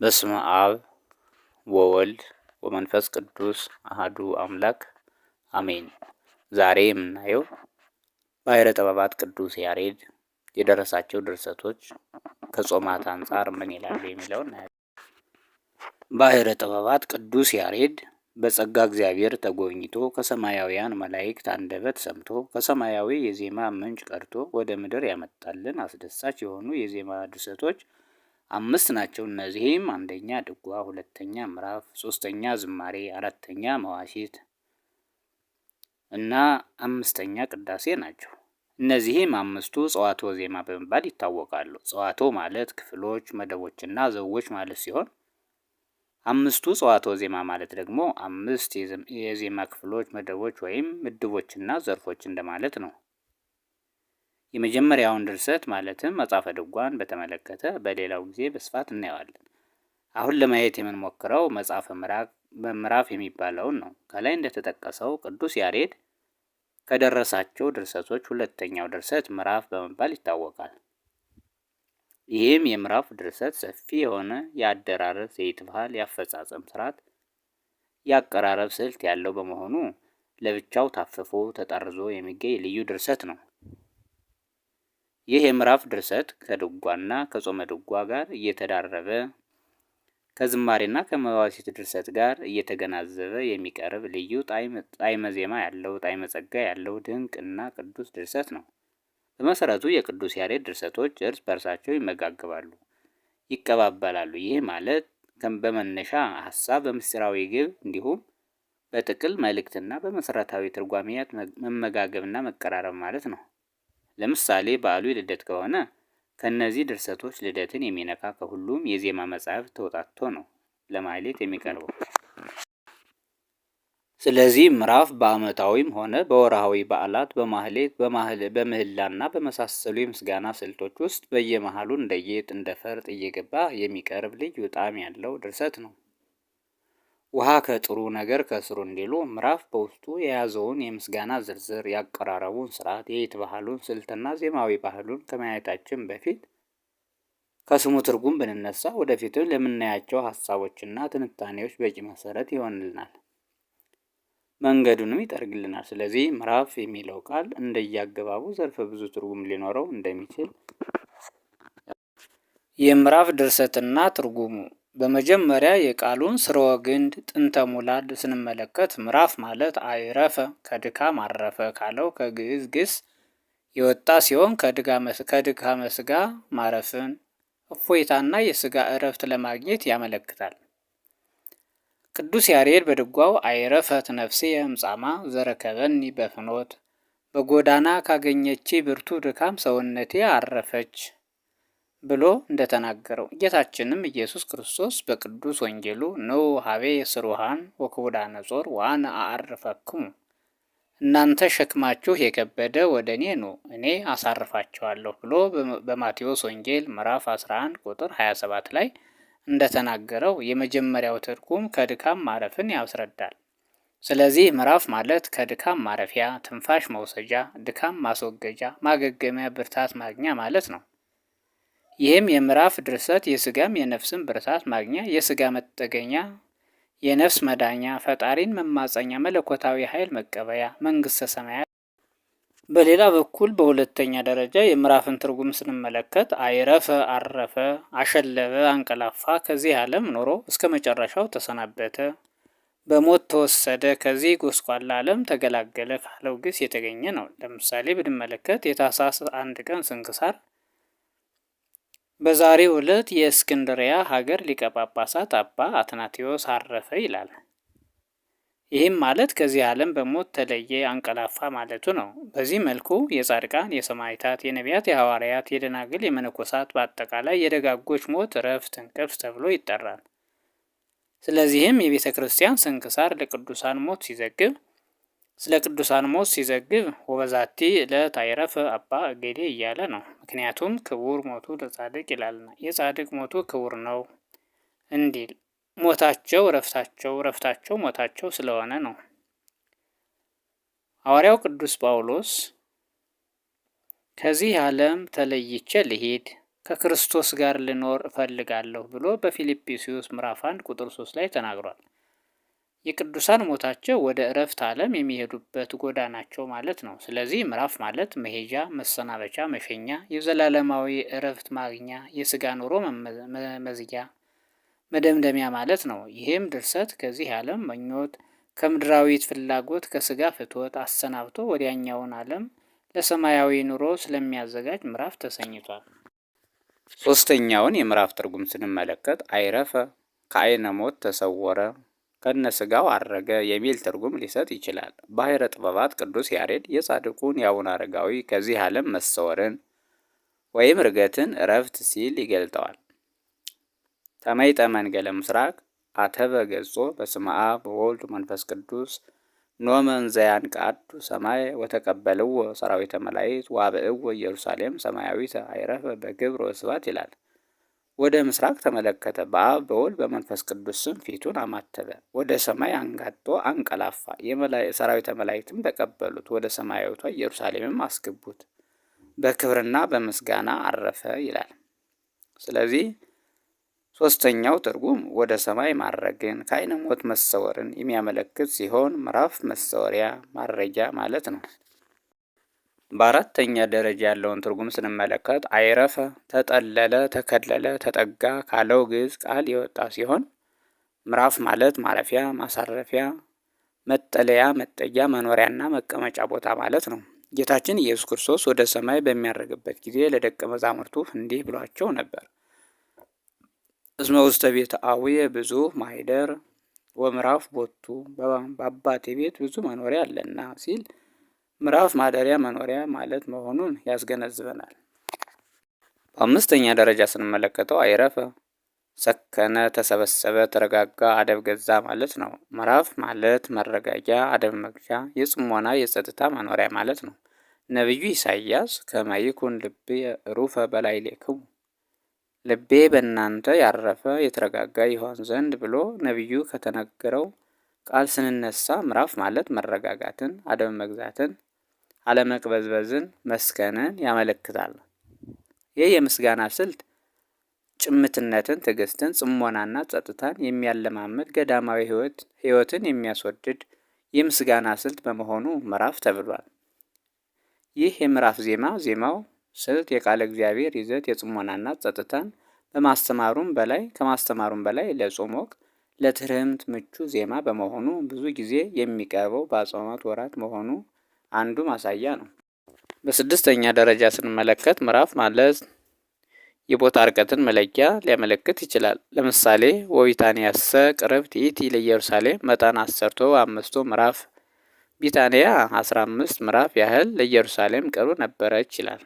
በስመ አብ ወወልድ ወመንፈስ ቅዱስ አህዱ አምላክ አሜን። ዛሬ የምናየው ባሕረ ጥበባት ቅዱስ ያሬድ የደረሳቸው ድርሰቶች ከጾማት አንጻር ምን ይላሉ የሚለውን እናያለን። ባሕረ ጥበባት ቅዱስ ያሬድ በጸጋ እግዚአብሔር ተጎብኝቶ ከሰማያውያን መላእክት አንደበት ሰምቶ ከሰማያዊ የዜማ ምንጭ ቀድቶ ወደ ምድር ያመጣልን አስደሳች የሆኑ የዜማ ድርሰቶች አምስት ናቸው። እነዚህም አንደኛ ድጓ፣ ሁለተኛ ምዕራፍ፣ ሶስተኛ ዝማሬ፣ አራተኛ መዋሲት እና አምስተኛ ቅዳሴ ናቸው። እነዚህም አምስቱ ጸዋቶ ዜማ በመባል ይታወቃሉ። ጸዋቶ ማለት ክፍሎች፣ መደቦችና ዘዎች ማለት ሲሆን አምስቱ ጸዋቶ ዜማ ማለት ደግሞ አምስት የዜማ ክፍሎች፣ መደቦች ወይም ምድቦችና ዘርፎች እንደማለት ነው። የመጀመሪያውን ድርሰት ማለትም መጽሐፈ ድጓን በተመለከተ በሌላው ጊዜ በስፋት እናየዋለን። አሁን ለማየት የምንሞክረው መጽሐፈ ምዕራፍ የሚባለውን ነው። ከላይ እንደተጠቀሰው ቅዱስ ያሬድ ከደረሳቸው ድርሰቶች ሁለተኛው ድርሰት ምዕራፍ በመባል ይታወቃል። ይህም የምዕራፍ ድርሰት ሰፊ የሆነ የአደራረብ ዘይት ባህል፣ የአፈጻጸም ስርዓት፣ የአቀራረብ ስልት ያለው በመሆኑ ለብቻው ታፍፎ ተጠርዞ የሚገኝ ልዩ ድርሰት ነው። ይህ የምዕራፍ ድርሰት ከድጓና ከጾመ ድጓ ጋር እየተዳረበ ከዝማሬና ከመዋሲት ድርሰት ጋር እየተገናዘበ የሚቀርብ ልዩ ጣዕመ ዜማ ያለው ጣዕመ ጸጋ ያለው ድንቅና ቅዱስ ድርሰት ነው። በመሰረቱ የቅዱስ ያሬድ ድርሰቶች እርስ በርሳቸው ይመጋገባሉ፣ ይቀባበላሉ። ይህ ማለት በመነሻ ሀሳብ፣ በምስጢራዊ ግብ እንዲሁም በጥቅል መልእክትና በመሰረታዊ ትርጓሜያት መመጋገብና መቀራረብ ማለት ነው። ለምሳሌ በዓሉ የልደት ከሆነ ከእነዚህ ድርሰቶች ልደትን የሚነካ ከሁሉም የዜማ መጽሐፍ ተወጣቶ ነው ለማህሌት የሚቀርበው። ስለዚህ ምዕራፍ በዓመታዊም ሆነ በወርሃዊ በዓላት በማህሌት በምህላና በመሳሰሉ የምስጋና ስልቶች ውስጥ በየመሃሉ እንደ ጌጥ እንደ ፈርጥ እየገባ የሚቀርብ ልዩ ጣዕም ያለው ድርሰት ነው። ውሃ ከጥሩ ነገር ከስሩ እንዲሉ ምዕራፍ በውስጡ የያዘውን የምስጋና ዝርዝር፣ ያቀራረቡን ስርዓት፣ የየት ባህሉን ስልትና ዜማዊ ባህሉን ከማየታችን በፊት ከስሙ ትርጉም ብንነሳ ወደፊትም ለምናያቸው ሀሳቦችና ትንታኔዎች በቂ መሰረት ይሆንልናል፣ መንገዱንም ይጠርግልናል። ስለዚህ ምዕራፍ የሚለው ቃል እንደየአገባቡ ዘርፈ ብዙ ትርጉም ሊኖረው እንደሚችል የምዕራፍ ድርሰትና ትርጉሙ በመጀመሪያ የቃሉን ስርወ ግንድ ጥንተ ሙላድ ስንመለከት ምዕራፍ ማለት አይረፈ ከድካም አረፈ ካለው ከግዕዝ ግስ የወጣ ሲሆን ከድካመ ስጋ ማረፍን እፎይታና የስጋ እረፍት ለማግኘት ያመለክታል። ቅዱስ ያሬድ በድጓው አይረፈት ነፍሴ የምጻማ ዘረከበኒ በፍኖት በጎዳና ካገኘቼ ብርቱ ድካም ሰውነቴ አረፈች ብሎ እንደተናገረው ጌታችንም ኢየሱስ ክርስቶስ በቅዱስ ወንጌሉ ኖ ሀቤ ስሩሃን ወክቡዳ ነጾር ዋን አአርፈክሙ እናንተ ሸክማችሁ የከበደ ወደ እኔ ኑ እኔ አሳርፋችኋለሁ ብሎ በማቴዎስ ወንጌል ምዕራፍ 11 ቁጥር 27 ላይ እንደተናገረው የመጀመሪያው ትርጉም ከድካም ማረፍን ያስረዳል። ስለዚህ ምዕራፍ ማለት ከድካም ማረፊያ፣ ትንፋሽ መውሰጃ፣ ድካም ማስወገጃ፣ ማገገሚያ፣ ብርታት ማግኛ ማለት ነው። ይህም የምዕራፍ ድርሰት የስጋም የነፍስም ብርታት ማግኛ የስጋ መጠገኛ የነፍስ መዳኛ ፈጣሪን መማፀኛ መለኮታዊ ኃይል መቀበያ መንግስተ ሰማያት። በሌላ በኩል በሁለተኛ ደረጃ የምዕራፍን ትርጉም ስንመለከት አይረፈ፣ አረፈ፣ አሸለበ፣ አንቀላፋ፣ ከዚህ ዓለም ኖሮ እስከ መጨረሻው ተሰናበተ፣ በሞት ተወሰደ፣ ከዚህ ጎስቋላ ዓለም ተገላገለ ካለው ግስ የተገኘ ነው። ለምሳሌ ብንመለከት የታህሳስ አንድ ቀን ስንክሳር በዛሬው ዕለት የእስክንድሪያ ሀገር ሊቀ ጳጳሳት አባ አትናቴዎስ አረፈ ይላል። ይህም ማለት ከዚህ ዓለም በሞት ተለየ፣ አንቀላፋ ማለቱ ነው። በዚህ መልኩ የጻድቃን፣ የሰማዕታት፣ የነቢያት፣ የሐዋርያት፣ የደናግል፣ የመነኮሳት በአጠቃላይ የደጋጎች ሞት እረፍት፣ እንቅልፍ ተብሎ ይጠራል። ስለዚህም የቤተ ክርስቲያን ስንክሳር ለቅዱሳን ሞት ሲዘግብ ስለ ቅዱሳን ሞት ሲዘግብ ወበዛቲ ዕለት አይረፈ አባ እገሌ እያለ ነው። ምክንያቱም ክቡር ሞቱ ለጻድቅ ይላልና የጻድቅ ሞቱ ክቡር ነው እንዲል ሞታቸው ረፍታቸው ረፍታቸው ሞታቸው ስለሆነ ነው። ሐዋርያው ቅዱስ ጳውሎስ ከዚህ ዓለም ተለይቼ ልሂድ ከክርስቶስ ጋር ልኖር እፈልጋለሁ ብሎ በፊልጵስዩስ ምዕራፍ 1 ቁጥር 3 ላይ ተናግሯል። የቅዱሳን ሞታቸው ወደ እረፍት ዓለም የሚሄዱበት ጎዳናቸው ማለት ነው። ስለዚህ ምዕራፍ ማለት መሄጃ፣ መሰናበቻ፣ መሸኛ፣ የዘላለማዊ እረፍት ማግኛ፣ የስጋ ኑሮ መመዝጊያ፣ መደምደሚያ ማለት ነው። ይህም ድርሰት ከዚህ ዓለም መኞት ከምድራዊት ፍላጎት ከስጋ ፍትወት አሰናብቶ ወዲያኛውን ዓለም ለሰማያዊ ኑሮ ስለሚያዘጋጅ ምዕራፍ ተሰኝቷል። ሶስተኛውን የምዕራፍ ትርጉም ስንመለከት አይረፈ ከአይነ ሞት ተሰወረ ስጋው አረገ የሚል ትርጉም ሊሰጥ ይችላል። ባሕረ ጥበባት ቅዱስ ያሬድ የጻድቁን የአቡነ አረጋዊ ከዚህ ዓለም መሰወርን ወይም ርገትን እረፍት ሲል ይገልጠዋል። ተመይጠ መንገለ ምስራቅ አተበ ገጾ በስመ አብ ወወልድ መንፈስ ቅዱስ ኖመን ዘያን ቃዱ ሰማይ ወተቀበልዎ ሰራዊተ መላእክት ዋብእዎ ኢየሩሳሌም ሰማያዊተ አይረፈ በክብር ወስባት ይላል። ወደ ምስራቅ ተመለከተ። በአብ በወልድ በመንፈስ ቅዱስ ስም ፊቱን አማተበ፣ ወደ ሰማይ አንጋጦ አንቀላፋ። ሰራዊተ መላእክትም ተቀበሉት፣ ወደ ሰማያዊቷ ኢየሩሳሌምም አስገቡት፣ በክብርና በምስጋና አረፈ ይላል። ስለዚህ ሶስተኛው ትርጉም ወደ ሰማይ ማረግን ከአይነ ሞት መሰወርን የሚያመለክት ሲሆን ምዕራፍ መሰወሪያ ማረጊያ ማለት ነው። በአራተኛ ደረጃ ያለውን ትርጉም ስንመለከት አይረፈ፣ ተጠለለ፣ ተከለለ፣ ተጠጋ ካለው ግዕዝ ቃል የወጣ ሲሆን ምዕራፍ ማለት ማረፊያ፣ ማሳረፊያ፣ መጠለያ፣ መጠጊያ፣ መኖሪያና መቀመጫ ቦታ ማለት ነው። ጌታችን ኢየሱስ ክርስቶስ ወደ ሰማይ በሚያደርግበት ጊዜ ለደቀ መዛሙርቱ እንዲህ ብሏቸው ነበር። እስመ ውስተ ቤት አቡየ ብዙ ማይደር ወምዕራፍ ቦቱ፣ በአባቴ ቤት ብዙ መኖሪያ አለና ሲል ምዕራፍ ማደሪያ፣ መኖሪያ ማለት መሆኑን ያስገነዝበናል። በአምስተኛ ደረጃ ስንመለከተው አይረፈ፣ ሰከነ፣ ተሰበሰበ፣ ተረጋጋ፣ አደብ ገዛ ማለት ነው። ምዕራፍ ማለት መረጋጊያ፣ አደብ መግዣ፣ የጽሞና የጸጥታ መኖሪያ ማለት ነው። ነቢዩ ኢሳይያስ ከመይኩን ልቤ ሩፈ በላዕሌክሙ ልቤ በእናንተ ያረፈ የተረጋጋ ይሆን ዘንድ ብሎ ነቢዩ ከተነገረው ቃል ስንነሳ ምዕራፍ ማለት መረጋጋትን፣ አደብ መግዛትን አለመቅበዝበዝን መስከንን ያመለክታል። ይህ የምስጋና ስልት ጭምትነትን፣ ትዕግስትን፣ ጽሞናና ጸጥታን የሚያለማመድ ገዳማዊ ህይወትን የሚያስወድድ የምስጋና ስልት በመሆኑ ምዕራፍ ተብሏል። ይህ የምዕራፍ ዜማ ዜማው ስልት የቃለ እግዚአብሔር ይዘት የጽሞናና ጸጥታን በማስተማሩም በላይ ከማስተማሩም በላይ ለጾም ወቅት ለትርህምት ምቹ ዜማ በመሆኑ ብዙ ጊዜ የሚቀርበው በአጽዋማት ወራት መሆኑ አንዱ ማሳያ ነው። በስድስተኛ ደረጃ ስንመለከት ምዕራፍ ማለት የቦታ እርቀትን መለኪያ ሊያመለክት ይችላል። ለምሳሌ ወቢታንያሰ ቅርብ ትይት ለኢየሩሳሌም መጠን አሰርቶ አምስቶ ምዕራፍ ቢታንያ አስራ አምስት ምዕራፍ ያህል ለኢየሩሳሌም ቅርብ ነበረች ይላል።